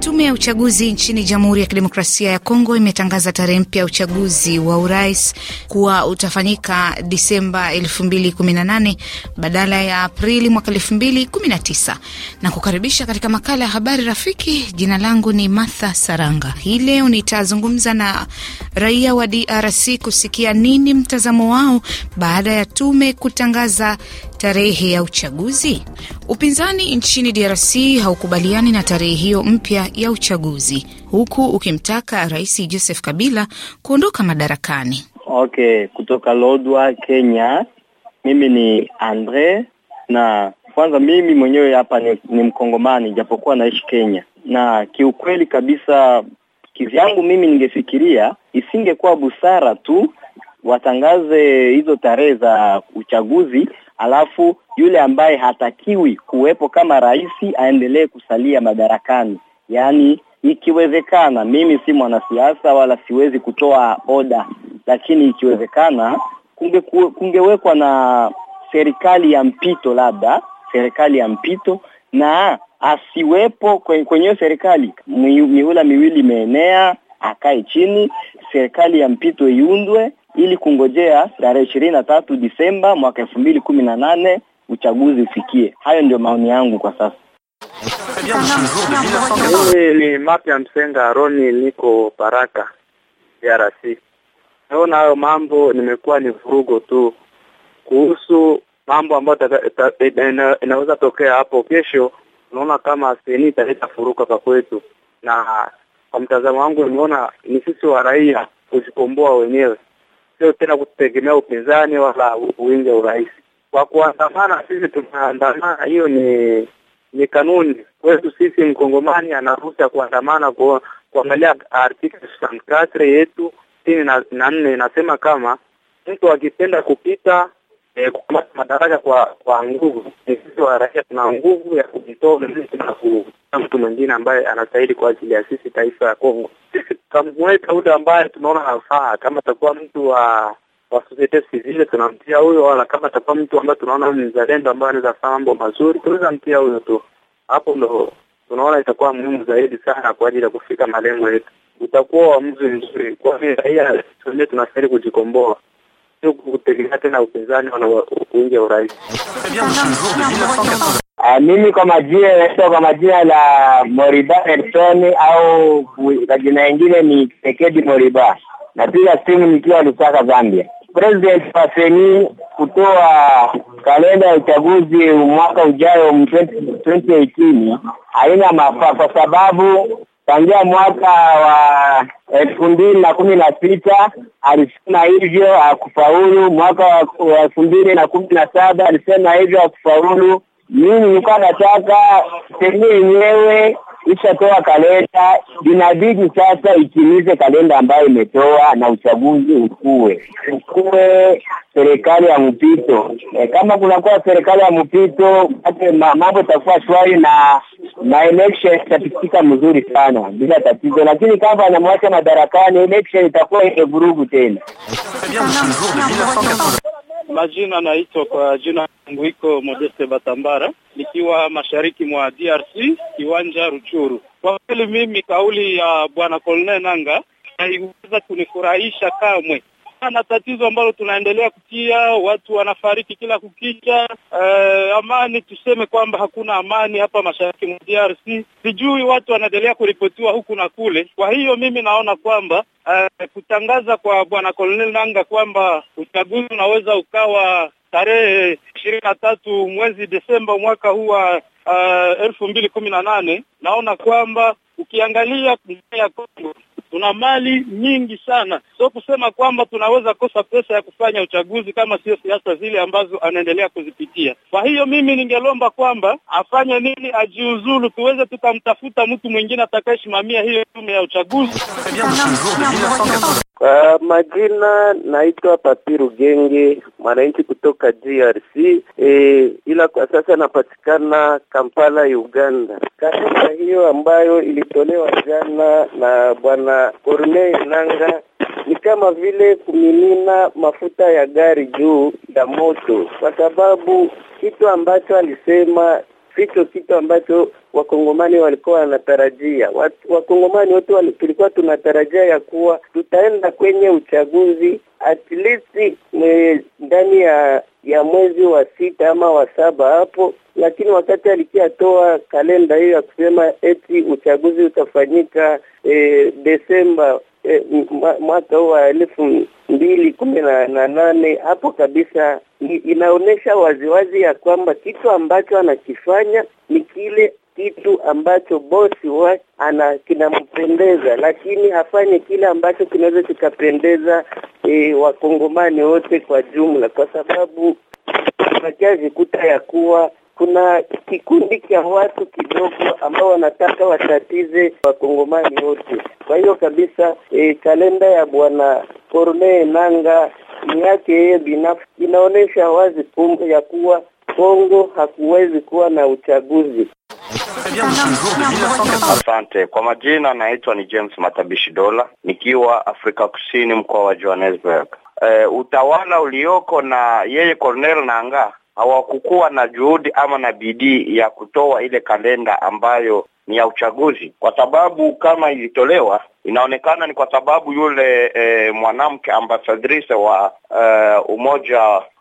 Tume ya uchaguzi nchini Jamhuri ya Kidemokrasia ya Kongo imetangaza tarehe mpya ya uchaguzi wa urais kuwa utafanyika Disemba 2018 badala ya Aprili mwaka 2019 na kukaribisha katika makala ya habari rafiki. Jina langu ni Martha Saranga. Hii leo nitazungumza na raia wa DRC kusikia nini mtazamo wao baada ya tume kutangaza tarehe ya uchaguzi? Upinzani nchini DRC haukubaliani na tarehe hiyo mpya ya uchaguzi, huku ukimtaka Rais Joseph Kabila kuondoka madarakani. Okay, kutoka Lodwa, Kenya, mimi ni Andre na kwanza mimi mwenyewe hapa ni, ni Mkongomani japokuwa naishi Kenya, na kiukweli kabisa kivyangu mimi ningefikiria isingekuwa busara tu watangaze hizo tarehe za uchaguzi alafu yule ambaye hatakiwi kuwepo kama rais aendelee kusalia madarakani yaani ikiwezekana mimi si mwanasiasa wala siwezi kutoa oda lakini ikiwezekana kunge kungewekwa na serikali ya mpito labda serikali ya mpito na asiwepo kwenye serikali mihula miwili imeenea akae chini serikali ya mpito iundwe ili kungojea tarehe ishirini na tatu Disemba mwaka elfu mbili kumi na nane uchaguzi ufikie. Hayo ndio maoni yangu kwa sasa. Mimi ni Mapya Msenga Aroni, niko Baraka DRC. Naona hayo mambo nimekuwa ni vurugo tu kuhusu mambo ambayo e, e, inaweza tokea hapo kesho. unaona kama seni italeta furuka kwa kwetu, na kwa mtazamo wangu nimeona ni sisi wa raia kujikomboa wenyewe sio tena kutegemea upinzani wala uwingi wa urais. Kwa kuandamana, sisi tunaandamana, hiyo ni ni kanuni kwetu sisi. Mkongomani ana ruhusa ya kuandamana kwa kuangalia article yetu sitini na nne inasema kama mtu akipenda kupita e, kukamata madaraka kwa kwa nguvu. Sisi wa raia tuna nguvu ya kujitoa ulimwengu na kuta mtu mwingine ambaye anastahili kwa ajili ya sisi taifa ya Kongo. Sisi tutamweka yule ambaye tunaona anafaa, kama atakuwa mtu wa wa societe civile tunamtia huyo, wala kama atakuwa mtu ambaye tunaona ni mzalendo ambaye anaweza fanya mambo mazuri, tunaweza mtia huyo tu. Hapo ndo tunaona itakuwa muhimu zaidi sana kwa ajili ya kufika malengo yetu. Utakuwa uamuzi mzuri, kwani raia tunastahili kujikomboa sio kutegemea tena upinzani urais. Ah, mimi kwa majina naitwa kwa majina la Moriba Elson au kwa jina ingine ni Tekedi Moriba. Napiga simu nikiwa Lusaka, Zambia. President wa Seni kutoa kalenda ya uchaguzi mwaka ujayo 2018 haina mafaa kwa sababu tangia mwaka wa elfu mbili na kumi na sita alisema hivyo akufaulu Mwaka wa elfu mbili na kumi na saba alisema hivyo akufaulu Mimi nilikuwa nataka sehemu yenyewe ishatoa kalenda, inabidi sasa itimize kalenda ambayo imetoa na uchaguzi ukuwe ukuwe serikali ya mpito e, kama kunakuwa serikali ya mpito mambo itakuwa shwari na na election itapitika mzuri sana bila tatizo, lakini kama anamwacha madarakani, election itakuwa ile vurugu tena. Majina naitwa kwa jina iko Modeste Batambara, nikiwa mashariki mwa DRC, kiwanja Ruchuru. Kwa kweli mimi kauli ya bwana Colonel Nanga haiweza kunifurahisha kamwe na tatizo ambalo tunaendelea kutia, watu wanafariki kila kukicha. Uh, amani tuseme kwamba hakuna amani hapa mashariki mwa DRC. Sijui watu wanaendelea kuripotiwa huku na kule. Kwa hiyo mimi naona kwamba uh, kutangaza kwa bwana Colonel Nanga kwamba uchaguzi unaweza ukawa tarehe ishirini na tatu mwezi Desemba mwaka huu wa eh, elfu mbili kumi na nane naona kwamba ukiangalia ya Kongo tuna mali nyingi sana, sio kusema kwamba tunaweza kosa pesa ya kufanya uchaguzi kama sio siasa zile ambazo anaendelea kuzipitia. Kwa hiyo mimi ningelomba kwamba afanye nini, ajiuzulu, tuweze tukamtafuta mtu mwingine atakayesimamia hiyo tume ya uchaguzi. Kwa majina naitwa Papiru Genge, mwananchi kutoka DRC e, ila kwa sasa napatikana Kampala, Uganda. Katika hiyo ambayo ilitolewa jana na bwana wa Corneille ni kama vile kumimina mafuta ya gari juu ya moto, kwa sababu kitu ambacho alisema sicho kitu ambacho wakongomani walikuwa wanatarajia. Wakongomani wote tulikuwa tunatarajia ya kuwa tutaenda kwenye uchaguzi at least ndani ya ya mwezi wa sita ama wa saba hapo, lakini wakati alikia toa kalenda hiyo ya kusema eti uchaguzi utafanyika e, Desemba e, mwaka huu wa elfu mbili kumi na nane hapo kabisa inaonyesha waziwazi ya kwamba kitu ambacho anakifanya ni kile kitu ambacho bosi wake ana kupendeza, lakini afanye kile ambacho kinaweza kikapendeza e, wakongomani wote kwa jumla, kwa sababu kuta ya kuwa kuna kikundi cha watu kidogo ambao wanataka watatize wakongomani wote. Kwa hiyo kabisa, e, kalenda ya bwana Corneille nanga ni yake yeye binafsi, inaonyesha wazi kumbe ya kuwa Kongo hakuwezi kuwa na uchaguzi. Asante kwa majina, naitwa ni James Matabishi Dola, nikiwa Afrika Kusini, mkoa wa Johannesburg. E, utawala ulioko na yeye Cornel nanga hawakukuwa na juhudi ama na bidii ya kutoa ile kalenda ambayo ni ya uchaguzi, kwa sababu kama ilitolewa inaonekana ni kwa sababu yule e, mwanamke ambasadrise wa e, umoja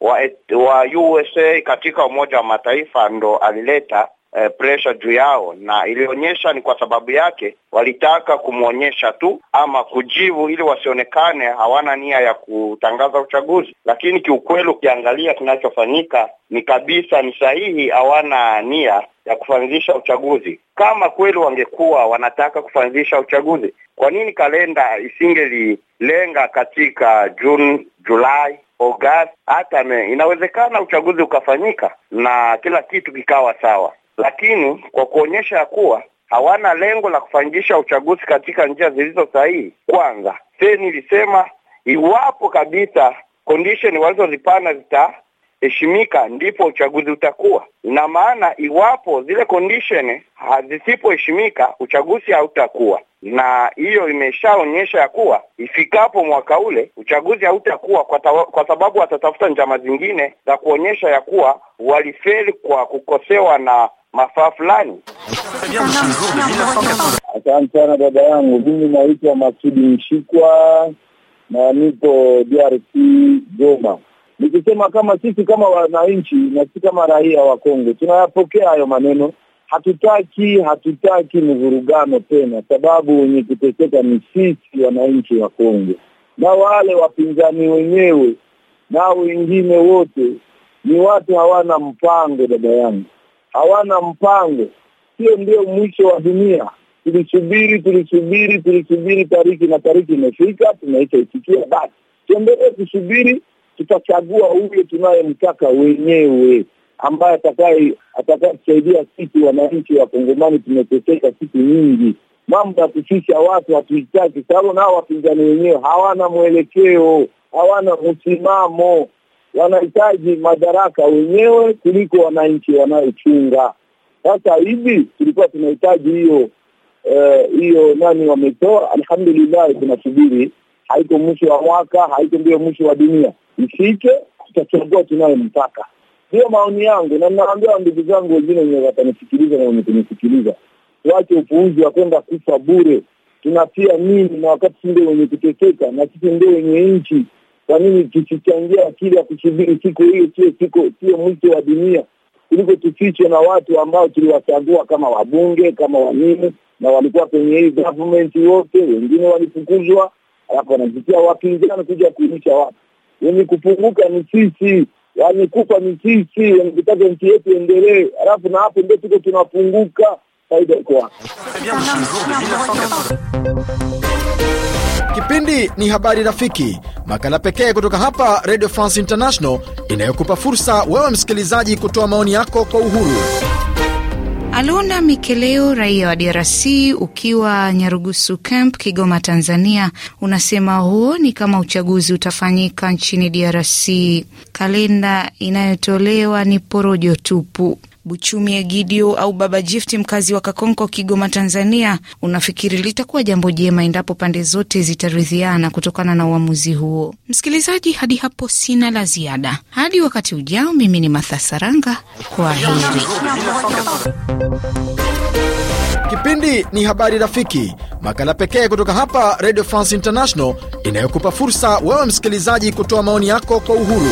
wa, wa USA katika Umoja wa Mataifa ndo alileta eh, pressure juu yao, na ilionyesha ni kwa sababu yake walitaka kumwonyesha tu ama kujibu, ili wasionekane hawana nia ya kutangaza uchaguzi. Lakini kiukweli ukiangalia kinachofanyika ni kabisa ni sahihi, hawana nia ya kufanyisha uchaguzi. Kama kweli wangekuwa wanataka kufanyisha uchaguzi, kwa nini kalenda isingelilenga katika Juni, Julai, Agosti? Hata inawezekana uchaguzi ukafanyika na kila kitu kikawa sawa lakini kwa kuonyesha ya kuwa hawana lengo la kufanikisha uchaguzi katika njia zilizo sahihi. Kwanza seni ilisema iwapo kabisa condition walizozipana zitaheshimika, ndipo uchaguzi utakuwa na maana. Iwapo zile condition hazisipoheshimika, uchaguzi hautakuwa na hiyo imeshaonyesha ya kuwa ifikapo mwaka ule uchaguzi hautakuwa kwa, kwa sababu watatafuta njama zingine za kuonyesha ya kuwa walifeli kwa kukosewa na mafaa fulani. Asante sana dada yangu, mimi naitwa Masudi Mshikwa na nipo DRC Goma. Nikisema kama sisi kama wananchi na sisi kama raia wa Kongo tunayapokea hayo maneno, hatutaki hatutaki mvurugano tena, sababu wenye kuteseka ni sisi wananchi wa Kongo na wale wapinzani wenyewe na wengine wote ni watu hawana mpango, dada yangu hawana mpango. Hiyo ndio mwisho wa dunia. Tulisubiri, tulisubiri, tulisubiri tariki na tariki imefika, tunaishaitikia basi, tuendelee kusubiri. Tutachagua huyo tunayemtaka wenyewe ambaye atakaye atakayetusaidia sisi wananchi wa Kongomani. Tumeteseka siku nyingi, mambo ya kufisha watu hatuhitaki, sababu nao wapinzani wenyewe hawana mwelekeo, hawana msimamo wanahitaji madaraka wenyewe kuliko wananchi wanayochunga. Sasa hivi tulikuwa tunahitaji hiyo eh, hiyo uh, nani wametoa. alhamdulillahi tunasubiri haiko mwisho wa mwaka, haiko ndio mwisho wa dunia. Ifike tutachagua tunayemtaka. ndio maoni yangu, na ninawaambia ndugu zangu wengine wenye watanisikiliza na wenye kunisikiliza, tuache upuuzi wa kwenda kufa bure. Tunatia nini na wakati si ndio wenye kuteseka, na sisi ndio wenye nchi kwa nini tusichangia akili ya kusubiri siku hiyo? Sio siku, sio mwito wa dunia, kuliko tufichwe na watu ambao tuliwachagua kama wabunge kama wanini, na walikuwa kwenye hii government wote, wengine walifukuzwa, alafu wanajitia wapinzani kuja kuinisha watu. Wenye yaani kupunguka ni sisi, wenye yaani kufa ni sisi, wenye yaani kutaka nchi yetu endelee, alafu na hapo ndio tuko tunapunguka. Faida iko wapi? Kipindi ni Habari Rafiki, makala pekee kutoka hapa Radio France International inayokupa fursa wewe msikilizaji kutoa maoni yako kwa uhuru. Alona Mikeleo, raia wa DRC, ukiwa Nyarugusu Camp, Kigoma, Tanzania, unasema huo ni kama uchaguzi utafanyika nchini DRC. Kalenda inayotolewa ni porojo tupu. Buchumi Egidio au Baba Jifti, mkazi wa Kakonko, Kigoma, Tanzania, unafikiri litakuwa jambo jema endapo pande zote zitaridhiana kutokana na uamuzi huo? Msikilizaji, hadi hapo sina la ziada. Hadi wakati ujao, mimi ni Matha Saranga, kwa heri. Kipindi ni Habari Rafiki, makala pekee kutoka hapa Radio France International inayokupa fursa wewe msikilizaji kutoa maoni yako kwa uhuru.